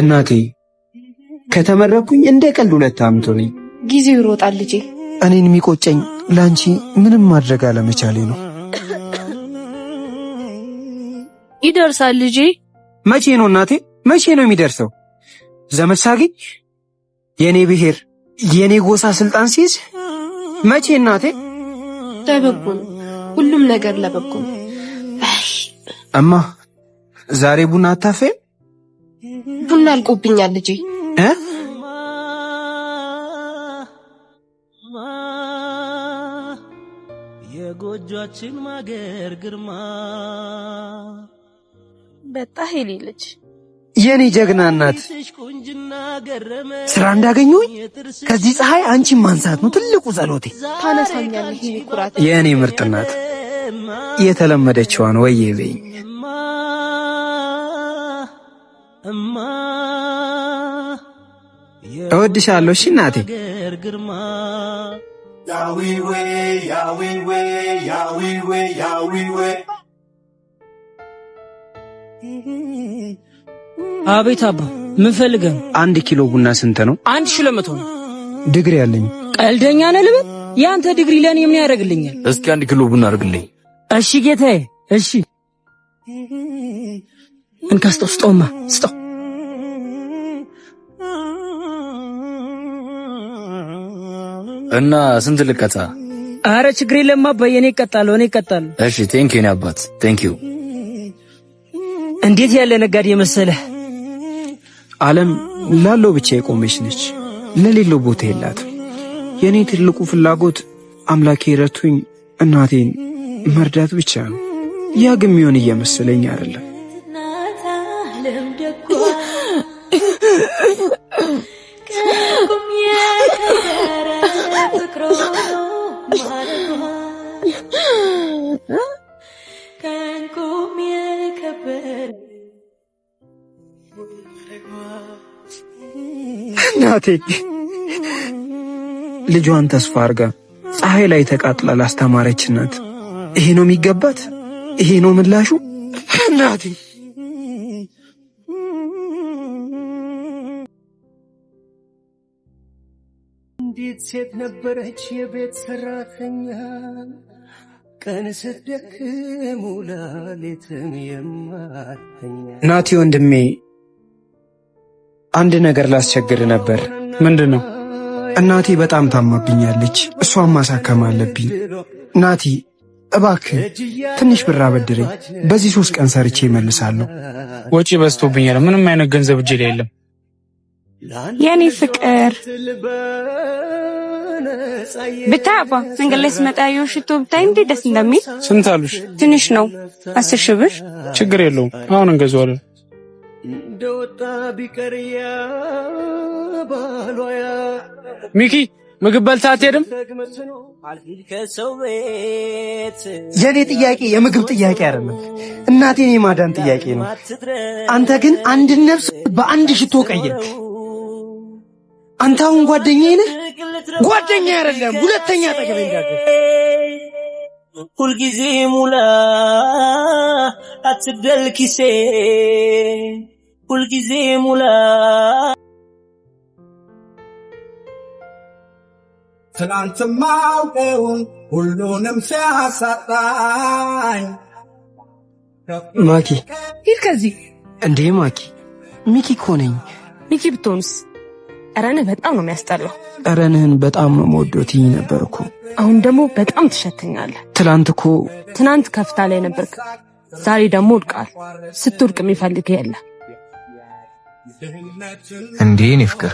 እናቴ ከተመረኩኝ እንደ ቀልድ ሁለት ዓመት ሆነኝ። ጊዜው ይሮጣል ልጄ። እኔን የሚቆጨኝ ለአንቺ ምንም ማድረግ አለመቻሌ ነው። ይደርሳል ልጄ። መቼ ነው እናቴ? መቼ ነው የሚደርሰው? ዘመድ የእኔ ብሔር የእኔ ጎሳ ስልጣን ሲይዝ መቼ እናቴ? ለበጎ ነው ሁሉም ነገር ለበጎ ነው። እማ ዛሬ ቡና አታፈይም? ቡና አልቆብኛል ልጄ እ የጎጆችን ማገር ግርማ በጣ ልጅ የኔ ጀግና እናት ስራ እንዳገኙኝ ከዚህ ፀሐይ አንቺን ማንሳት ነው ትልቁ ጸሎቴ። ታነሳኛለህ የኔ ምርጥ እናት የተለመደችዋን ወይ ይበኝ እወድሻለሁ። እሺ እናቴ። አቤት አባ፣ ምን አንድ ኪሎ ቡና ስንት ነው? አንድ ሺ ለመቶ ነው። ድግሪ አለኝ። ቀልደኛ ነህ ልበል? የአንተ ድግሪ ለእኔ ምን ያደርግልኛል? እስኪ አንድ ኪሎ ቡና አድርግልኝ። እሺ ጌታዬ፣ እሺ እንካ ስጠው፣ ስጠውማ፣ ስጠው። እና ስንት ልቀጣ? አረ ችግር የለም አባዬ፣ እኔ እቀጣለሁ፣ እኔ እቀጣለሁ። እሺ፣ ቴንኪው የኔ አባት ዩ። እንዴት ያለ ነጋዴ መሰለህ። ዓለም ላለው ብቻ የቆመች ነች፣ ለሌለው ቦታ የላት። የእኔ ትልቁ ፍላጎት አምላኬ ረቱኝ እናቴን መርዳት ብቻ ነው። ያ ግን የሚሆን እየመሰለኝ አይደለም። እናቴ ልጇን ተስፋ አርጋ ፀሐይ ላይ ተቃጥላ ላስተማረች እናት ይሄ ነው የሚገባት። ይሄ ነው ምላሹ እናቴ ሴት ነበረች የቤት ሰራተኛ ቀን ስደክ ውላ ሌትም የማተኛ። ናቲ ወንድሜ አንድ ነገር ላስቸግር ነበር። ምንድን ነው? እናቴ በጣም ታማብኛለች። እሷን ማሳከም አለብኝ። ናቲ እባክ ትንሽ ብር አበድረኝ። በዚህ ሶስት ቀን ሰርቼ ይመልሳለሁ ወጪ በዝቶብኛል። ምንም አይነት ገንዘብ እጅ ላይ የለም። የኔ ፍቅር ብታይ አባ መንገድ ላይ ስመጣ ያየው ሽቶ ብታይ እንዴት ደስ እንደሚል። ስንት አሉሽ? ትንሽ ነው፣ አስር ሺህ ብር። ችግር የለውም አሁን እንገዛዋለን። እንደወጣ ቢቀርያ ባሏያ ሚኪ ምግብ በልታ አትሄድም? የኔ ጥያቄ የምግብ ጥያቄ አይደለም፣ እናቴን የማዳን ጥያቄ ነው። አንተ ግን አንድን ነፍስ በአንድ ሽቶ ቀየርክ። አንተ አሁን ጓደኛዬ ነህ። ጓደኛ አይደለም፣ ሁለተኛ ጠገብ እንዳለ ሁልጊዜ ሙላ አትደልኪሴ ኪሴ ሁልጊዜ ሙላ። ትናንትም ማውቀውን ሁሉንም ሲያሳጣኝ ማኪ ሂድ ከዚህ እንዴ! ማኪ ሚኪ እኮ ነኝ። ሚኪ ብትሆንስ ረንህ በጣም ነው የሚያስጠላው። ረንህን በጣም ነው መወደው ትይኝ ነበር እኮ። አሁን ደግሞ በጣም ትሸተኛለህ። ትናንት እኮ ትናንት ከፍታ ላይ ነበርክ፣ ዛሬ ደግሞ ውድቃል። ስትውድቅ የሚፈልግ የለ እንዴ እኔ ፍቅር፣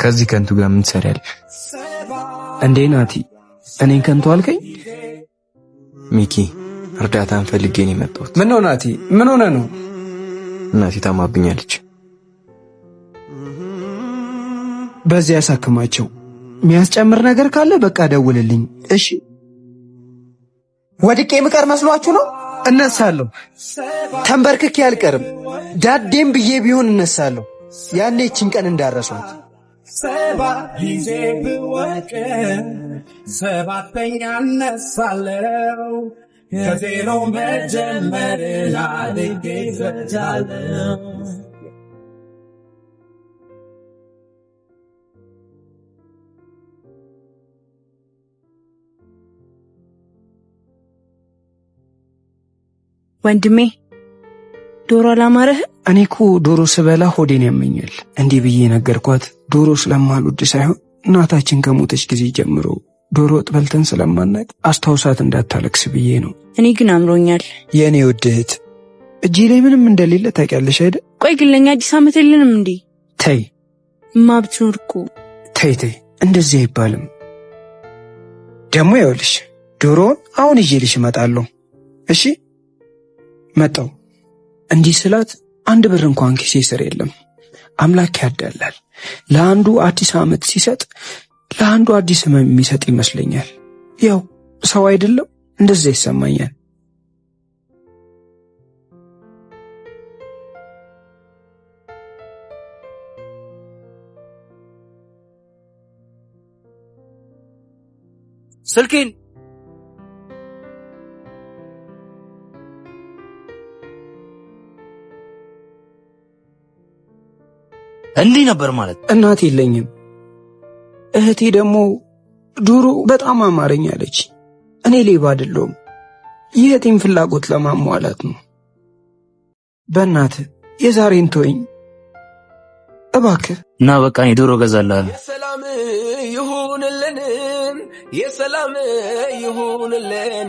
ከዚህ ከንቱ ጋር ምን ትሰሪያለሽ? እንዴ ናቲ፣ እኔን ከንቱ አልከኝ? ሚኪ እርዳታን ፈልጌ ነው የመጣሁት። ምን ነው ናቲ፣ ምን ሆነ ነው? እናቴ ታማብኛለች። በዚያ ያሳክማቸው። የሚያስጨምር ነገር ካለ በቃ ደውልልኝ እሺ። ወድቄ ምቀር መስሏችሁ ነው? እነሳለሁ። ተንበርክኬ አልቀርም። ዳዴም ብዬ ቢሆን እነሳለሁ። ያኔ ይችን ቀን እንዳረሷት ሰባት ጊዜ ብወቅ ሰባተኛ እነሳለሁ። ከዜሮ መጀመር አድጌ ዘጃለሁ። ወንድሜ ዶሮ አላማረህ? እኔ እኮ ዶሮ ስበላ ሆዴን ያመኛል። እንዲህ ብዬ ነገርኳት። ዶሮ ስለማልወድ ሳይሆን እናታችን ከሞተች ጊዜ ጀምሮ ዶሮ ወጥ በልተን ስለማናቅ አስታውሳት እንዳታለቅስ ብዬ ነው። እኔ ግን አምሮኛል። የእኔ ውድ እህት እጄ ላይ ምንም እንደሌለ ታውቂያለሽ አይደ? ቆይ ግን ለእኛ አዲስ ዓመት የለንም እንዴ? ተይ እማ ብትኖር እኮ ተይ ተይ፣ እንደዚህ አይባልም። ደግሞ ይኸውልሽ ዶሮውን አሁን ይዤልሽ እመጣለሁ እሺ መጣው እንዲህ ስላት አንድ ብር እንኳን ኪሴ ስር የለም። አምላክ ያዳላል። ለአንዱ አዲስ ዓመት ሲሰጥ ለአንዱ አዲስ ሕመም የሚሰጥ ይመስለኛል። ያው ሰው አይደለም እንደዛ ይሰማኛል። ስልኬን እንዲህ ነበር ማለት እናት የለኝም። እህቴ ደግሞ ዶሮ በጣም አማረኝ አለች። እኔ ሌባ አይደለሁም። የእህቴን ፍላጎት ለማሟላት ነው። በእናት የዛሬን ተወኝ እባክህ እና በቃ ዶሮ ገዛላል። የሰላም ይሁንልን፣ የሰላም ይሁንልን።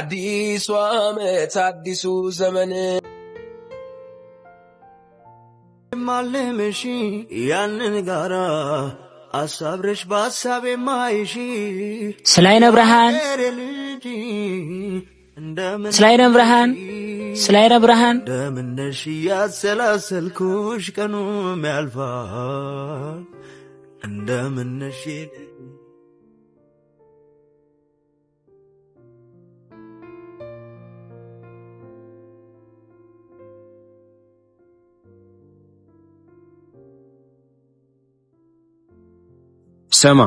አዲሱ ዓመት አዲሱ ዘመን ማልምሺ ያንን ጋራ አሳብረሽ በሀሳቤ ማይሺ ስለ አይነ ብርሃን ስለ አይነ ብርሃን ስለ አይነ ብርሃን እንደምነሽ እያሰላሰልኩሽ ቀኑም ያልፋል እንደምነሽ ስማ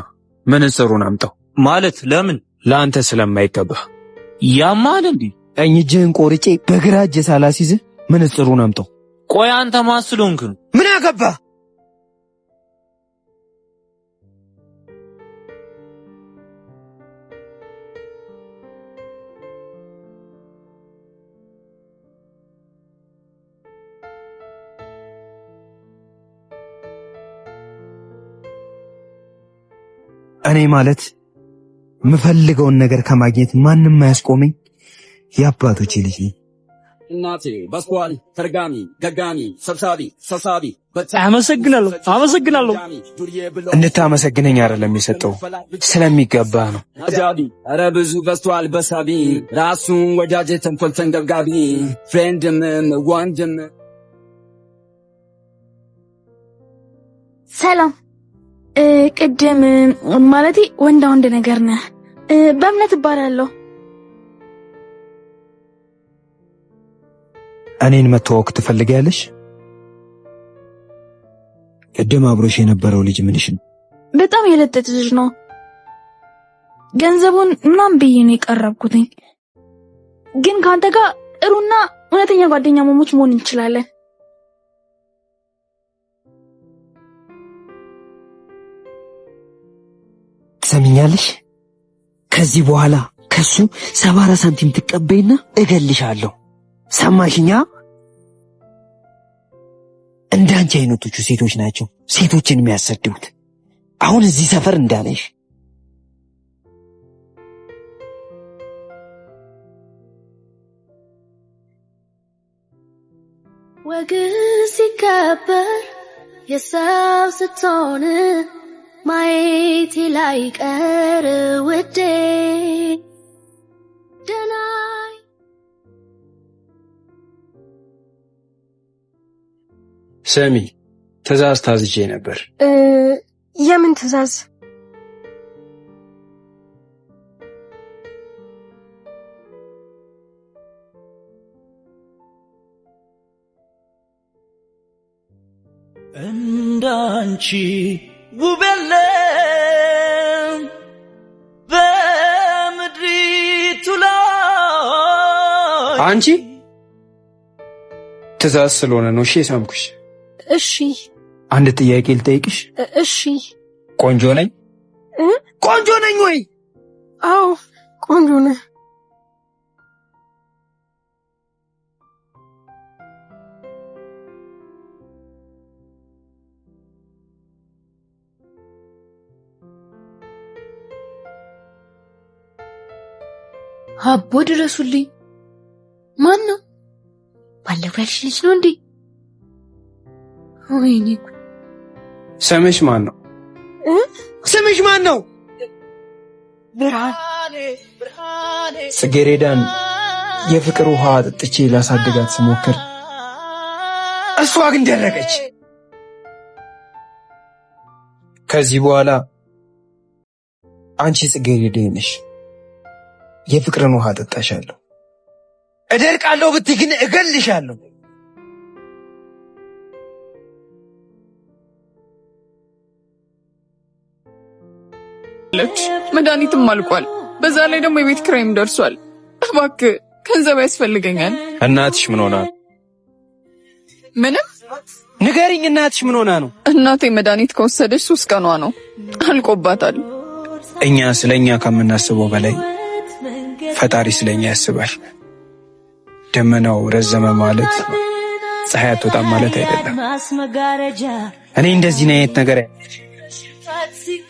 መነጽሩን አምጣው። ማለት ለምን? ለአንተ ስለማይገባህ። ያማል እንዴ? ቀኝ እጅህን ቆርጬ በግራ እጅ ሳላሲዝህ መነጽሩን አምጣው። ቆይ አንተ ማስሉንክ ምን አገባህ? እኔ ማለት የምፈልገውን ነገር ከማግኘት ማንም አያስቆመኝ የአባቶቼ ልጅ ነኝ። እናቴ በስኳል ተርጋሚ፣ ደጋሚ፣ ሰብሳቢ፣ ሰብሳቢ አመሰግናለሁ፣ አመሰግናለሁ። እንድታመሰግነኝ አይደለም የሰጠው ስለሚገባ ነው። አጃቢ ኧረ ብዙ በስቷል በሳቢ ራሱን ወዳጅ ተንኮል ተንገብጋቢ ፍሬንድም ወንድም ሰላም ቅድም ማለቴ ወንዳ ወንድ ነገር ነ በእምነት እባላለሁ። እኔን መተዋወቅ ትፈልጊያለሽ? ቅድም አብሮሽ የነበረው ልጅ ምንሽ ነው? በጣም የለጠት ልጅ ነው። ገንዘቡን ምናም ብዬ ነው የቀረብኩትኝ፣ ግን ከአንተ ጋር ጥሩና እውነተኛ ጓደኛ መሞች መሆን እንችላለን። ትሰምኛለሽ? ከዚህ በኋላ ከሱ ሰባ ሳንቲም ትቀበይና እገልሻለሁ። ሰማሽኛ? እንዳንቺ አይነቶቹ ሴቶች ናቸው ሴቶችን የሚያሰድቡት። አሁን እዚህ ሰፈር እንዳለሽ ወግ ሲከበር የሰው ስትሆን ማየቴ ላይቀር ውዴ ደናይ ሰሚ ትእዛዝ ታዝቼ ነበር። የምን ትእዛዝ? እንዳንቺ ውብ የለም በምድሪቱ ላይ። አንቺ ትእዛዝ ስለሆነ ነው። እሺ የሳምኩሽ። እሺ አንድ ጥያቄ ልጠይቅሽ። እሺ ቆንጆ ነኝ? ቆንጆ ነኝ ወይ? አዎ ቆንጆ ነኝ። አቦ ድረሱልኝ። ማን ነው? ባለፈው ያልሽ ልጅ ነው እንዴ? ወይኔ ስምሽ ማን ነው? ስምሽ ማን ነው? ጽጌሬዳን የፍቅር ውሃ አጥጥቼ ላሳድጋት ስሞክር እሷ ግን ደረቀች። ከዚህ በኋላ አንቺ ጽጌሬዳ ነሽ። የፍቅርን ውሃ ጠጣሻለሁ። እደርቃለሁ ብትይ ግን እገልሻለሁ። መድኃኒትም አልቋል። በዛ ላይ ደግሞ የቤት ክራይም ደርሷል። እባክህ ገንዘብ ያስፈልገኛል። እናትሽ ምን ሆና? ምንም ንገሪኝ። እናትሽ ምን ሆና ነው? እናቴ መድኃኒት ከወሰደች ሶስት ቀኗ ነው፣ አልቆባታል። እኛ ስለኛ ከምናስበው በላይ ፈጣሪ ስለኛ ያስባል። ደመናው ረዘመ ማለት ፀሐይ አትወጣም ማለት አይደለም። እኔ እንደዚህ ነው አይነት ነገር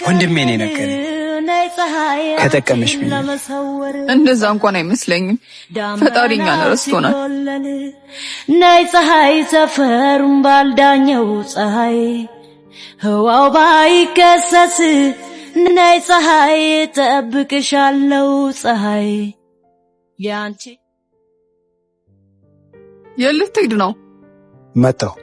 ወንድሜ ነው የነገረኝ። ከጠቀመሽ እንደዛ እንኳን አይመስለኝም። ፈጣሪ እኛን ረስቶናል። ናይ ፀሐይ ሰፈሩን ባልዳኘው ፀሐይ ህዋው ባይከሰስ ናይ ፀሐይ ጠብቅሻለው ፀሐይ የአንቺ የት ልትሄድ ነው? መጣሁ።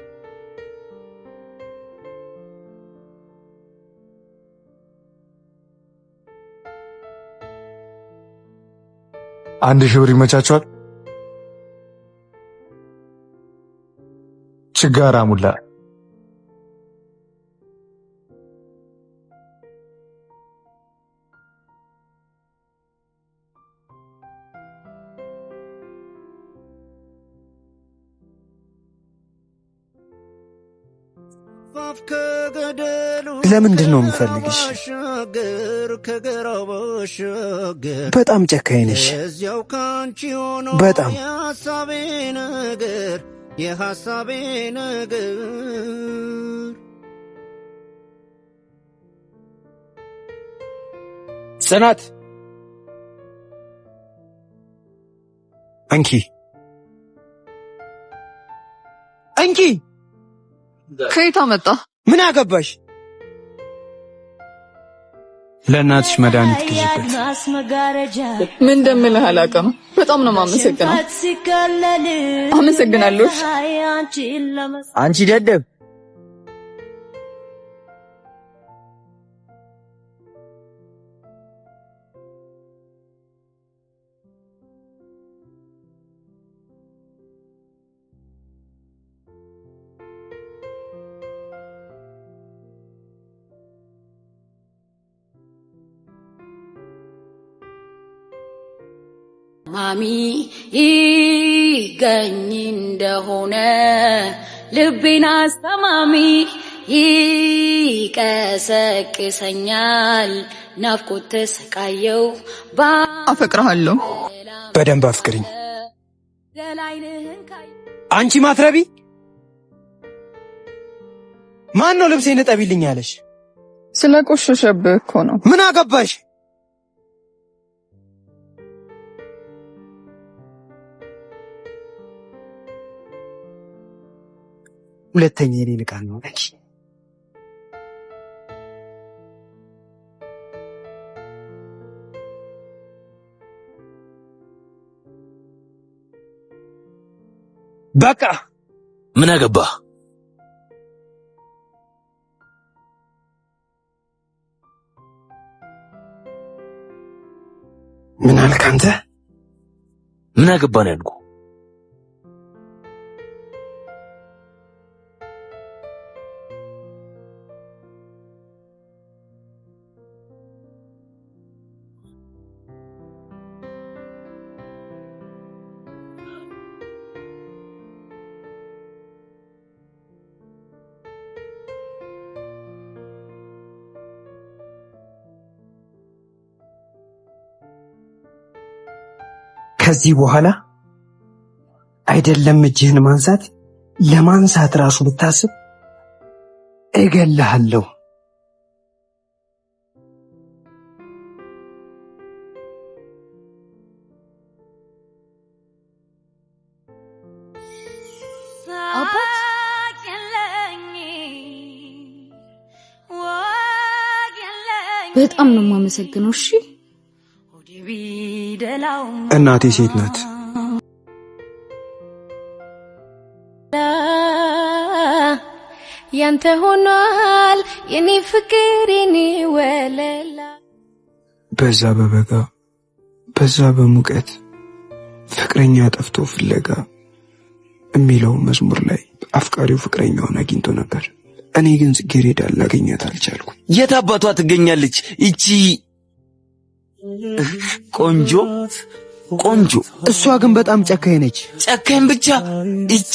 አንድ ሺህ ብር ይመቻችኋል? ችጋራ ሙላ ለምንድን ነው የምፈልግሽ? በጣም ጨካኝ ነሽ። በጣም የሐሳቤ ነገር ጽናት እንኪ እንኪ ከየት መጣ? ምን አገባሽ? ለእናትሽ መድኃኒት ግዥበት። ምን እንደምልህ አላውቅም። በጣም ነው የማመሰግነው። አመሰግናለሁ። አንቺ ደደብ ተስማሚ ይገኝ እንደሆነ ልቤን አስተማሚ ይቀሰቅሰኛል ናፍቆት ተሰቃየው አፈቅረሃለሁ። በደንብ አፍቅሪኝ። አንቺ ማትረቢ ማን ነው ልብሴ ንጠቢልኝ ያለሽ? ስለ ቆሸሸብህ እኮ ነው። ምን አገባሽ? ሁለተኛ የኔ ልቃ ነው እንጂ በቃ ምን አገባ ምን አልክ አንተ? ምን አገባ ነው ያልኩ። ከዚህ በኋላ አይደለም እጅህን ማንሳት ለማንሳት ራሱ ብታስብ እገልሃለሁ። በጣም ነው የማመሰግነው። እሺ እናቴ ሴት ናት። ያንተ ሆኗል የኔ ፍቅር የኔ ወለላ በዛ በበጋ በዛ በሙቀት ፍቅረኛ ጠፍቶ ፍለጋ የሚለው መዝሙር ላይ አፍቃሪው ፍቅረኛውን አግኝቶ ነበር። እኔ ግን ጽጌሬዳ ላገኛት አልቻልኩም። የት አባቷ ትገኛለች ይቺ ቆንጆ ቆንጆ። እሷ ግን በጣም ጨካኝ ነች። ጨካኝ ብቻ እቺ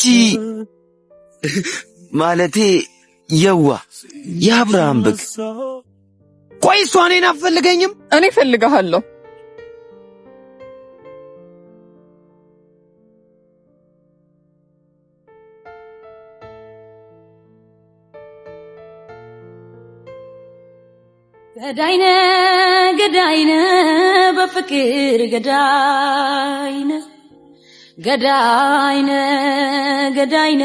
ማለቴ የዋ የአብርሃም በግ። ቆይ እሷ እኔን አትፈልገኝም? እኔ እፈልግሃለሁ። ገዳይነ ገዳይነ በፍቅር ገዳይነ ገዳይነ ገዳይነ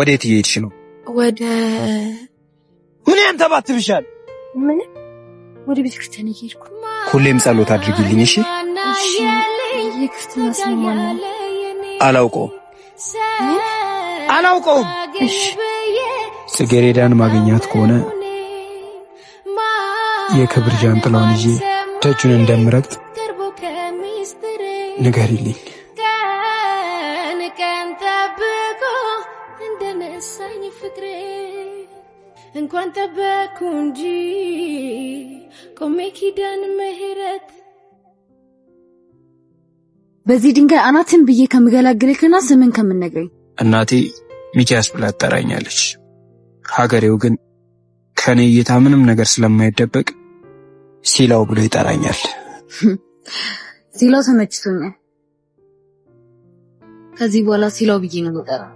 ወዴት እየሄድሽ ነው? ወደ ምን ያንተባትብሻል? ምን ወደ ቤተ ክርስቲያን እየሄድኩ። ሁሌም ጸሎት አድርጊልኝ እሺ። የክርስትና ስም ማነው? አላውቀውም አላውቀውም። እሺ ጽጌሬዳን ማግኛት ከሆነ የክብር ጃንጥላውን ይዤ ደጁን እንደምረግጥ ንገሪልኝ። እንኳን ጠበኩ እንጂ ቆሜ ኪዳን ምህረት በዚህ ድንጋይ አናትን ብዬ ከምገላግልክና ስምን ከምነግረኝ እናቴ ሚኪያስ ብላ ትጠራኛለች። ሀገሬው ግን ከኔ እይታ ምንም ነገር ስለማይደበቅ ሲላው ብሎ ይጠራኛል። ሲላው ተመችቶኛል። ከዚህ በኋላ ሲላው ብዬ ነው የምጠራው።